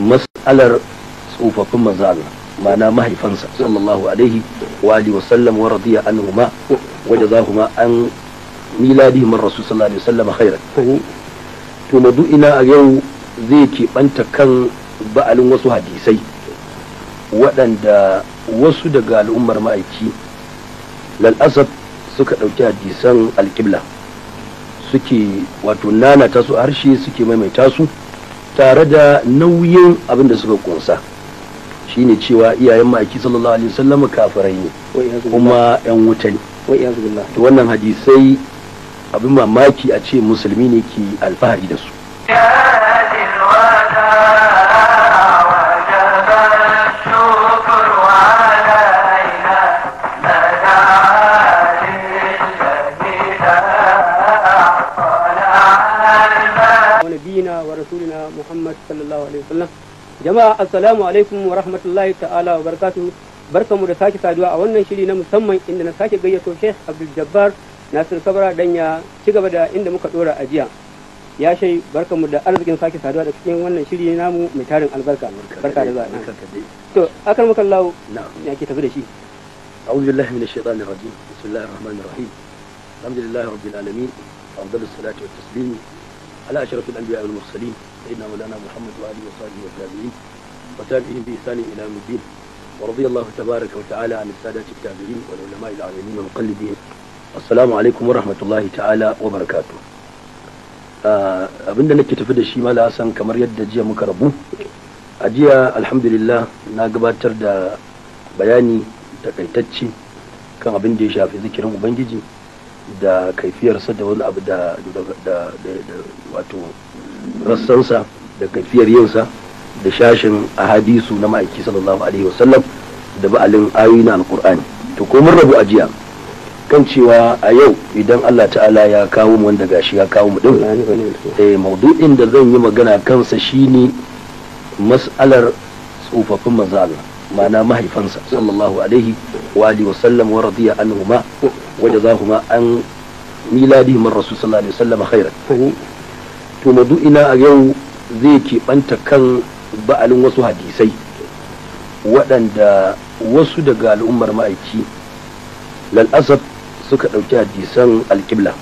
mas'alar tsofaffin manzo Allah ma'ana mahaifansa sallallahu alaihi wa alihi wasallam wa radiya anhuma wa jazahuma an miladi man rasul sallallahu alaihi wasallam khairan to ina a yau zai keɓanta kan ba'alin wasu hadisai waɗanda wasu daga al'ummar ma'aiki lal'asab suka ɗauki hadisan alƙibla suke wato nana tasu harshe suke maimaita su tare da nauyin abin da suka kunsa shine cewa iyayen ma'aiki sallallahu alaihi wasallam kafirai ne kuma yan wuta ne to wannan hadisai abin mamaki a ce musulmi ne ke alfahari da su Thank you. ونبينا ورسولنا محمد صلى jama'a assalamu alaikum wa rahmatullahi ta'ala wa barakatuhu barkamu da sake saduwa a wannan shiri na musamman inda na sake gayyato Sheikh Abdul Jabbar Nasir Kabara dan ya gaba da inda muka dora ajiya jiya ya shai barkamu da arzikin sake saduwa da cikin wannan shiri namu mai tarin albarka barka da zuwa to akan muka lawo ya ke tafi da shi أعوذ بالله من الشيطان الرجيم بسم الله الرحمن الرحيم الحمد لله رب العالمين أفضل الصلاة والتسليم على اشرف الانبياء والمرسلين سيدنا مولانا محمد وآله وصحبه والتابعين وتابعين باحسان الى يوم الدين ورضي الله تبارك وتعالى عن السادات التابعين والعلماء العاملين والمقلدين السلام عليكم ورحمه الله تعالى وبركاته abinda nake tafi da shi mala hasan kamar yadda jiya muka rabu a jiya alhamdulillah na gabatar da bayani takaitacce kan abin da ya shafi zikirin ubangiji da kaifiyarsa da wani abu da wato rassansa da kaifiyar yinsa da shashin ahadisu na ma'aiki sallallahu alaihi wasallam da ba'alin ayoyi na alkur'ani to ko mun rabu a jiya kan cewa a yau idan Allah ta'ala ya kawo mu wanda gashi ya kawo mu din eh maudu'in da zan yi magana kansa shine mas'alar tsofaffin manzo Allah ma'ana mahaifansa sallallahu alaihi وآله وسلم ma عنهما وجزاهما عن ميلادهما الرسول صلى الله عليه وسلم خيرا to madu'ina a yau zai keɓanta kan ba'alin wasu hadisai waɗanda wasu daga al'ummar ma'aiki lal'asar suka ɗauki hadisan alƙibla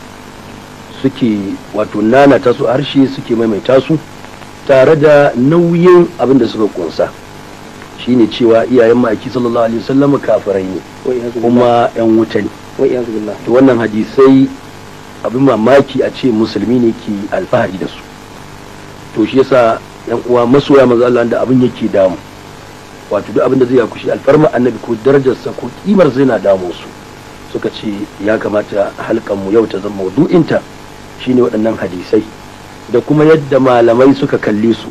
suke wato nana tasu harshe suke maimaita su tare da nauyin abin da suka kunsa. shine cewa iyayen ma'aiki sallallahu alaihi wasallam kafirai ne kuma yan wuta ne to wannan hadisai abin mamaki a ce musulmi ne ke alfahari da su to shi yasa yan uwa masoya maza Allah da abin yake damu wato duk abin da zai ya kushi alfarma annabi ko darajarsa ko kimar zai na damu su suka ce ya kamata halkan mu yau ta zama wudu'inta shine waɗannan hadisai da kuma yadda malamai suka kalle su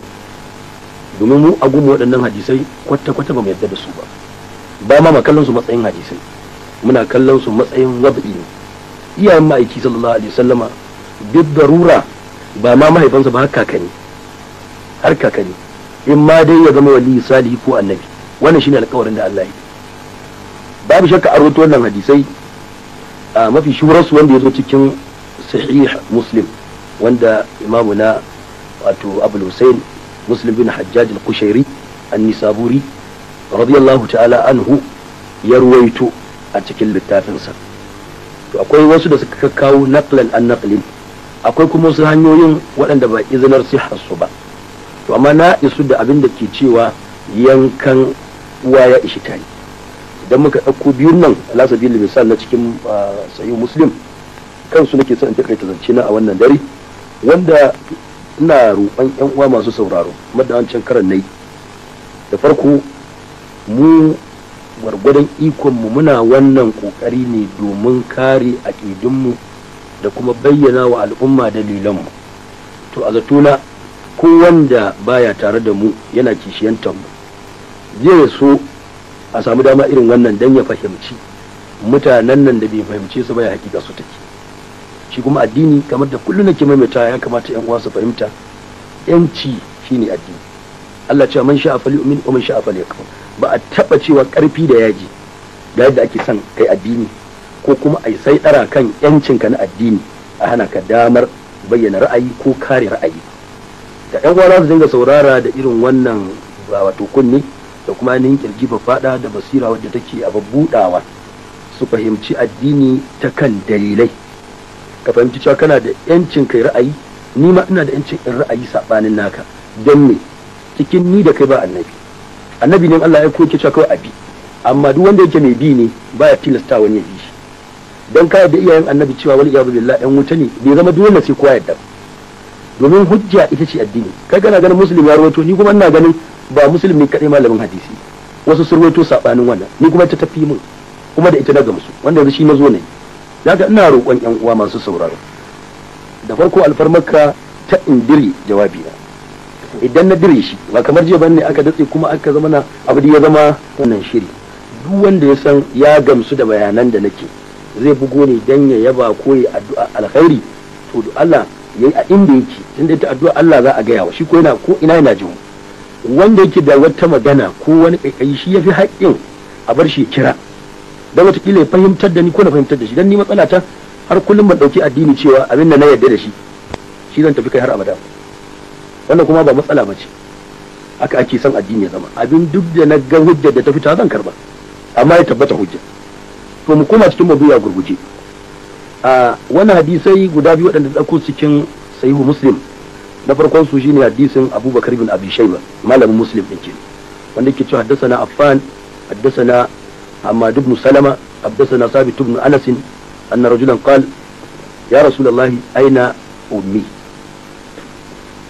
domin mu a gumu waɗannan hadisai kwata-kwata ba mu yadda da su ba ba ma ma kallon su matsayin hadisai muna kallon su matsayin wabi ne iyayen ma'aiki sallallahu alaihi wasallama duk rura ba ma mahaifansa ba har kakani har in ma dai ya zama wali salihi ko annabi wannan shine alƙawarin da Allah ya babu shakka an rawaito wannan hadisai a mafi shurarsu wanda ya zo cikin sahih muslim wanda imamu na wato abul hussein مسلم بن حجاج القشيري النسابوري رضي الله تعالى عنه يرويت أتكل التافنسا akwai wasu da suka kawo naqlan an naqlin akwai kuma wasu hanyoyin waɗanda ba izinar sihar su ba to amma na isu da abin da ke cewa yankan uwa ya ishi tari idan muka ɗauko biyun nan alasabil misal na cikin sayu muslim kansu nake son in takaita a wannan dare wanda ina roƙon yan uwa masu sauraro madda wancan karan nayi da farko mu gwargwadon ikonmu muna wannan ƙoƙari ne domin kare aƙidunmu da kuma bayyana wa al'umma dalilan mu to a zatona ko wanda baya tare da mu yana kishiyantar mu zai so a samu dama irin wannan dan ya fahimci mutanen nan da bai fahimci su ba ya hakika su take shi kuma addini kamar da kullum nake maimaita ya kamata yan uwa su fahimta yanci shine addini Allah ce man sha'a falyu'min wa man sha'a falyakfur ba a taba cewa karfi da yaji ga yadda ake son kai addini ko kuma ai sai dara kan ka na addini a hana ka damar bayyana ra'ayi ko kare ra'ayi da yan uwa za su dinga saurara da irin wannan wato kunne da kuma ainihin kirji fada da basira wadda take a babbudawa su fahimci addini ta kan dalilai ka fahimci cewa kana da yancin kai ra'ayi ni ma ina da yancin in ra'ayi sabanin naka don me cikin ni da kai ba annabi annabi ne Allah ya koke cewa kawai abi amma duk wanda yake mai bi ne ba ya tilasta wani ya bi shi don ka da iyayen annabi cewa wal iyadu billah yan wuta ne bai zama dole sai kowa yadda domin hujja ita ce addini kai kana ganin musulmi ya rawaito ni kuma ina ganin ba musulmi kadai malamin hadisi wasu sun rawaito sabanin wannan ni kuma ta tafi mun kuma da ita na gamsu wanda yanzu shi na zo ne daga ina roƙon yan uwa masu sauraro da farko alfarmarka ta indiri jawabi na idan na dire shi ba kamar jiya bane aka datse kuma aka zama na abu ya zama wannan shiri duk wanda ya san ya gamsu da bayanan da nake zai bugo ne dan ya yaba ko ya addu'a alkhairi to Allah yayi a inda yake tun tunda ita addu'a Allah za a ga yawa shi ko yana ko ina yana jin wanda yake da wata magana ko wani kai shi yafi haƙƙin a bar shi kira dan watakila ya fahimtar da ni ko na fahimtar da shi don ni matsala ta har kullum ban dauki addini cewa abin da na yarda da shi shi zan tafi kai har abada wannan kuma ba matsala ba ce aka ake son addini ya zama abin duk da na ga hujjar da ta fita zan karba amma ya tabbata hujja to mu koma cikin mabuya gurguje a wani hadisai guda biyu waɗanda ɗauko cikin sahihu muslim na farkon su shine hadisin abubakar bin abi malamin muslim din ke wanda ke cewa haddasa na affan haddasa na أما بن سلمة حدثنا ثابت بن أنس أن رجلا قال يا رسول الله أين أمي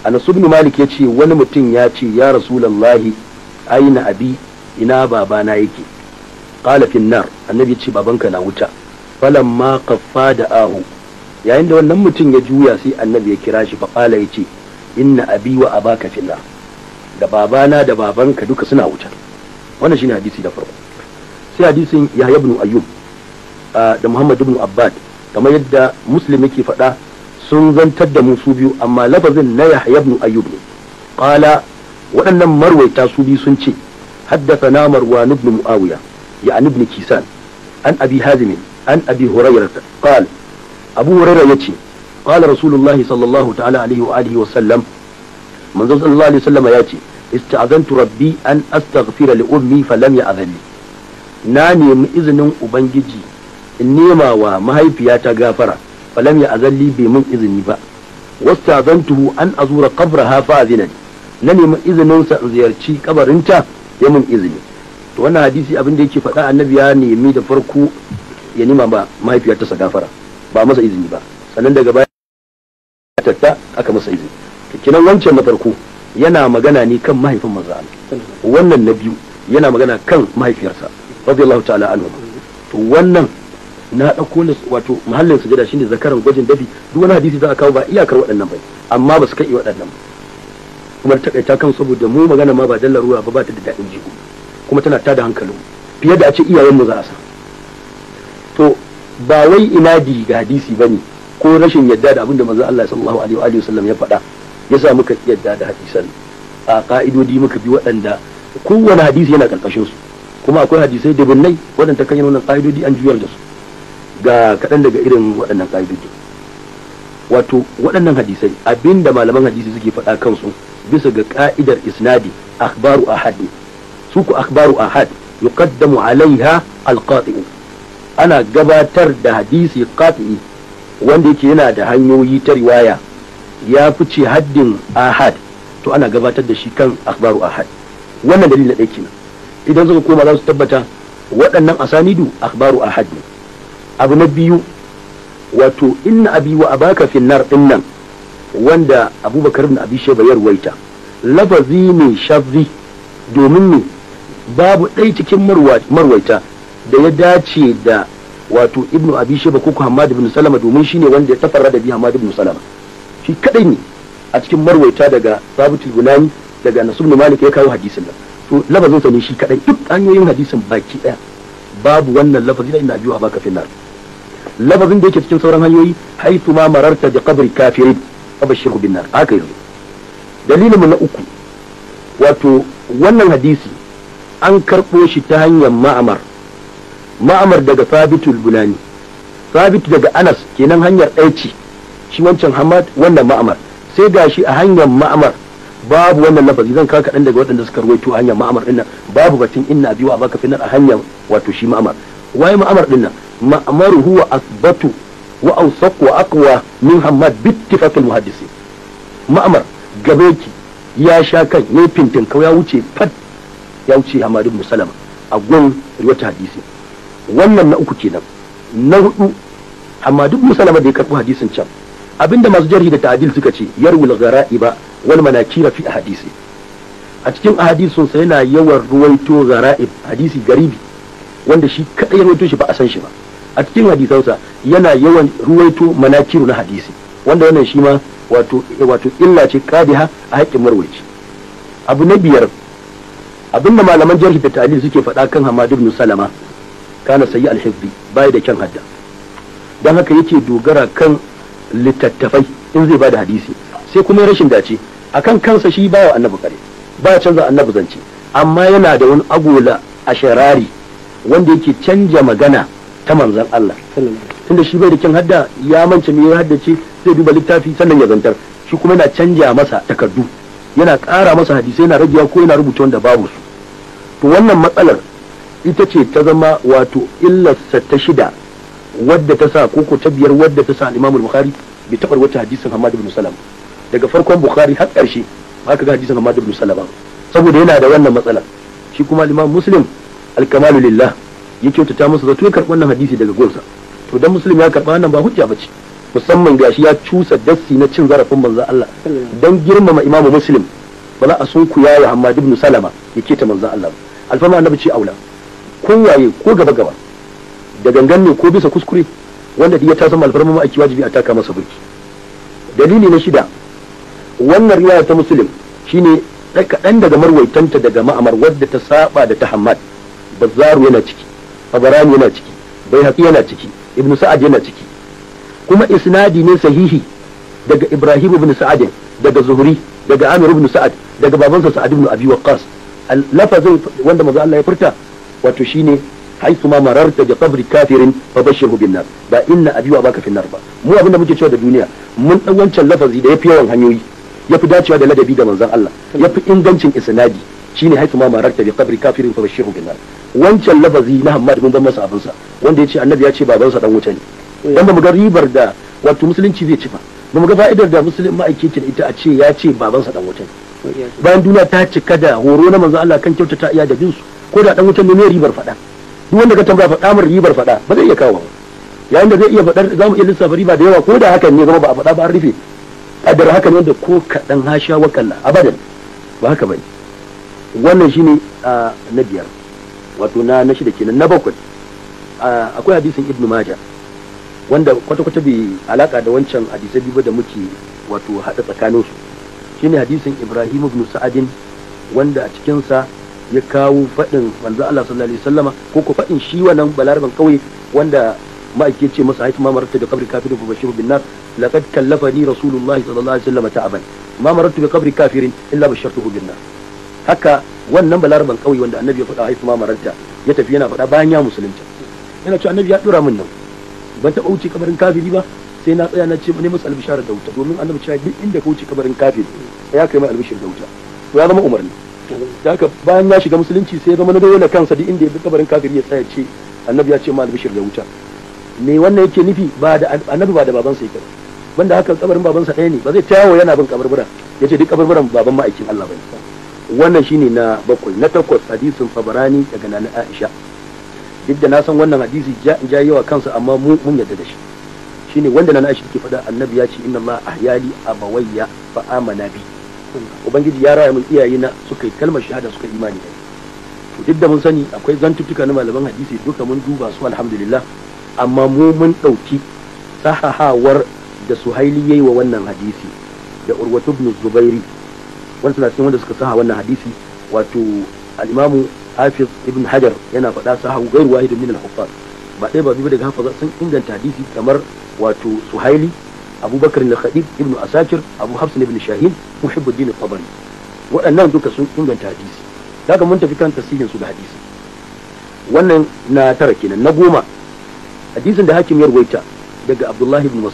أنا بن مالك يتشي ونمتن ياتي يا رسول الله أين أبي إنا بابانا يكي قال في النار النبي يتشي بابانك ناوتا فلما قفاد دعاه yayin da wannan mutum ya juya sai annabi ya kira shi faƙala ya ce inna abi wa abaka fina da babana da babanka duka suna wuta wannan shine hadisi da farko sai hadisin yahya ibn ayyub da muhammad ibn abbad kamar yadda muslim ke faɗa sun zantar da mu su biyu amma lafazin na yahya ibn ayyub ne qala waɗannan marwaita su biyu sun ce haddathana marwan ibn muawiya ya an ibn kisan an abi hazim an abi hurayra qala abu hurayra yace qala rasulullah sallallahu alaihi wa sallam manzo sallallahu alaihi wa sallam yace ista'adantu rabbi an astaghfira li ummi falam ya'adhani na nemi izinin ubangiji in nema wa mahaifiyata gafara falam ya azalli bai mun izini ba zan tuhu an azura kabra fa zinari. na nemi izinin sa in ziyarci kabarinta ya mun izini to wannan hadisi abin da yake faɗa annabi ya nemi da farko ya nima ba mahaifiyata sa gafara ba masa izini ba sannan daga baya tatta aka masa izini wancan na farko yana magana ne kan mahaifin manzo wannan na biyu yana magana kan mahaifiyarsa رضي ta'ala تعالى to wannan na ɗauko ne wato mahallin sujada shine zakaran gwajin dafi duk wani hadisi za a kawo ba iyakar waɗannan bai amma ba su kai waɗannan kuma ta kaita kan saboda mu magana ma ba dalla ruwa ba ba ta da daɗin jigo kuma tana tada hankalin fiye da a ce iyayen mu za a sa to ba wai inadi ga hadisi bane ko rashin yadda da abinda manzo Allah sallallahu alaihi wa alihi wasallam ya faɗa yasa muka yadda da hadisan a ka'idodi muka bi waɗanda kowane hadisi yana karkashin su kuma akwai hadisai da binnai waɗanda kan yi nuna ƙa'idodi an juyar da su ga kaɗan daga irin waɗannan ƙa'idodi wato waɗannan hadisai abinda malaman hadisi suke faɗa kansu bisa ga ƙa'idar isnadi akhbaru ahad su ku akhbaru ahad yuqaddamu alaiha alqati ana gabatar da hadisi qati wanda yake yana da hanyoyi ta riwaya ya fice haddin ahad to ana gabatar da shi kan akhbaru ahad wannan dalilin da yake kenan idan suka koma za su tabbata waɗannan asanidu akhbaru a ne abu na biyu wato inna abi wa abaka finnar wanda abubakar ibn abi shayba ya ruwaita lafazi ne shazzi domin ne babu ɗaya cikin marwaita da ya dace da wato ibn abi shayba ko hamad ibn salama domin shine wanda ya tafarra da bi hamad ibn salama shi kaɗai ne a cikin marwaita daga sabitul gulani daga nasu ibn malik ya kawo hadisin nan to lafazin sa ne shi kadai duk hanyoyin hadisin baki daya babu wannan lafazi ina biyo a baka finnar lafazin da yake cikin sauran hanyoyi haitu ma mararta da qabri kafirin abashiru bin nar haka yanzu dalilin mu na uku wato wannan hadisi an karɓo shi ta hanyar ma'amar ma'amar daga sabitul bulani sabit daga anas kenan hanyar ɗaya ci shi wancan hamad wannan ma'amar sai gashi a hanyar ma'amar babu wannan lafazi zan kawo kaɗan daga waɗanda suka ruwaito hanyar ma'amar ɗin nan babu batun inna biyu a baka finar a hanyar wato shi ma'amar waye ma'amar ɗin nan ma'amar huwa asbatu wa awsaq wa aqwa min hammad bi ittifaqil muhaddisi ma'amar gabeki ya sha kan ya fintin kawai ya wuce fat ya wuce hamadin musalama a gun riwata hadisi wannan na uku kenan na hudu hamadin musalama da ya karɓi hadisin can abinda masu jarhi da ta'adil suka ce yarwul gara'iba wal manakira a hadisi a cikin ahadisun sa yana yawan ruwaito gara'ib hadisi garibi wanda shi kadai ya ruwaito shi ba a san shi ba a cikin hadisansa yana yawan ruwaito manakiru na hadisi wanda wannan shi ma wato eh, wato illa ce kadiha a haƙƙin marwaci abu na biyar abinda malaman jarhi da ta'ali suke faɗa kan hamad ibn salama kana sayi alhibbi bai da kyan hadda don haka yake dogara kan littattafai in zai bada hadisi sai kuma rashin dace akan kansa shi ba wa annabi kare ba canza annabi zance amma yana da wani agola a sharari wanda yake canja magana ta manzan Allah tunda shi bai da kin hadda ya mance me ya haddace zai duba littafi sannan ya zantar shi kuma yana canja masa takardu yana kara masa hadisai yana ragewa ko yana rubuta wanda babu su to wannan matsalar ita ce ta zama wato illarsa ta shida wadda ta sa koko ta biyar wadda ta sa al-Imam al-Bukhari bai taɓa wata hadisin Hamad ibn Salam daga farkon bukhari har ƙarshe ba ka ga hadisin Hamad ibn Salama saboda yana da wannan matsala shi kuma liman Muslim Alkamalu lillah ya kyautata masa zato ya karɓi wannan hadisi daga gonsa to don Muslim ya karɓi wannan ba hujja ba ce. musamman gashi ya cusa dassi na cin zarafin manza Allah dan girmama imamu Muslim ba za a sun kuya ya Hamad ibn Salama ya keta manzon Allah alfama annabi ce aula ko waye ko gaba gaba da gangan ne ko bisa kuskure wanda ya ta zama alfarma ma wajibi a taka masa birki. dalili na shida wannan riwaya ta muslim shine kaɗan daga marwaitanta daga ma'amar wadda ta saba da ta hamad bazzaru yana ciki fabarani yana ciki baihaqi yana ciki ibnu sa'ad yana ciki kuma isnadi ne sahihi daga ibrahim ibn sa'ad daga zuhuri daga amir ibn sa'ad daga babansa sa'ad ibn abi waqqas lafazin wanda manzo Allah ya furta wato shine haisu ma mararta da qabri kafirin fa bashirhu bin nar ba inna abi wa baka fi nar ba mu abinda muke cewa da duniya mun dan wancan lafazi da yafi yawan hanyoyi ya fi dacewa da ladabi da manzon Allah ya fi ingancin isnadi shine haifu ma da bi qabri kafirin fa bashiru bin wancan lafazi na Hammad bin Dammas abin sa wanda yace annabi ya ce babansa dan wuce ne eh. dan ba mu ga ribar da wato musulunci zai ci ba ba mu ga fa'idar da musulmi ma'aikacin ita a ce ya ce babansa dan wuce ne eh. bayan duniya ta cika da horo na manzon Allah kan kyautata iya da binsu ko da dan wutan ne ne ribar faɗa duk wanda ka tambaya faɗa mun ribar faɗa ba zai iya kawo ba yayin da zai iya faɗar za mu iya lissafa riba da yawa ko da hakan ne zama ba a faɗa ba an rufe kadar haka ne da ko kaɗan hasha wa kalla abadan ba haka bane wannan ne na biyar wato na na shida kenan na bakwai akwai hadisin ibnu maja wanda kwata-kwata bai alaka da wancan hadisai biyu da muke wato haɗa tsakanin su shine hadisin ibrahim ibn sa'adin wanda a cikinsa ya kawo faɗin manzo Allah sallallahu alaihi wasallama ko ko faɗin shi wannan balaraban kauye wanda ma'aike ce masa haifi mamar ta da kabri kafirin bashir bin nas لقد كلفني رسول الله صلى الله عليه وسلم تعبا ما qabri kafirin illa الا بشرته nar haka wannan balaraban kauyi wanda annabi ya faɗa haifu ma maranta ya tafi yana faɗa bayan ya musulunta yana cewa annabi ya dura min nan ban taɓa wuce kabarin kafiri ba sai na tsaya na ce ne masa albishar da wuta domin annabi cewa duk inda ka wuce kabarin kafiri ya kai mai albishar da wuta to ya zama umarni da haka bayan ya shiga musulunci sai ya zama na dole kansa duk inda ya bi kabarin kafiri ya tsaya ce annabi ya ce ma albishir da wuta me wannan yake nufi ba da annabi ba da babansa yake ba wanda haka kabarin babansa ɗaya ne ba zai tayawo yana bin kabarburan ya ce duk kabarburan baban ma'aikin Allah bane wannan shine na bakwai na takwas hadisin fabarani daga nan Aisha duk da na san wannan hadisi ja yawa kansa amma mu mun yarda da shi shine wanda nan Aisha ke faɗa annabi ya ce inna ma ahyali abawayya fa amana bi ubangiji ya raya mun iyaye na suka yi kalmar shahada suka imani to duk da mun sani akwai zantuttuka na malaman hadisi duka mun duba su alhamdulillah amma mu mun ɗauki sahahawar da suhaili ya yi wa wannan hadisi da urwatu ibn zubairi wani suna cikin wanda suka saha wannan hadisi wato alimamu hafiz ibn hajar yana faɗa saha gairu wahidin min al ba ɗaya ba biyu daga hafaza sun inganta hadisi kamar wato suhaili abubakar na khadib ibn asakir abu hafsin ibn shahin muhibbuddin tabari waɗannan duka sun inganta hadisi daga mun tafi kan tasirin su da hadisi wannan na tara kenan na goma hadisin da hakim ya daga abdullahi ibn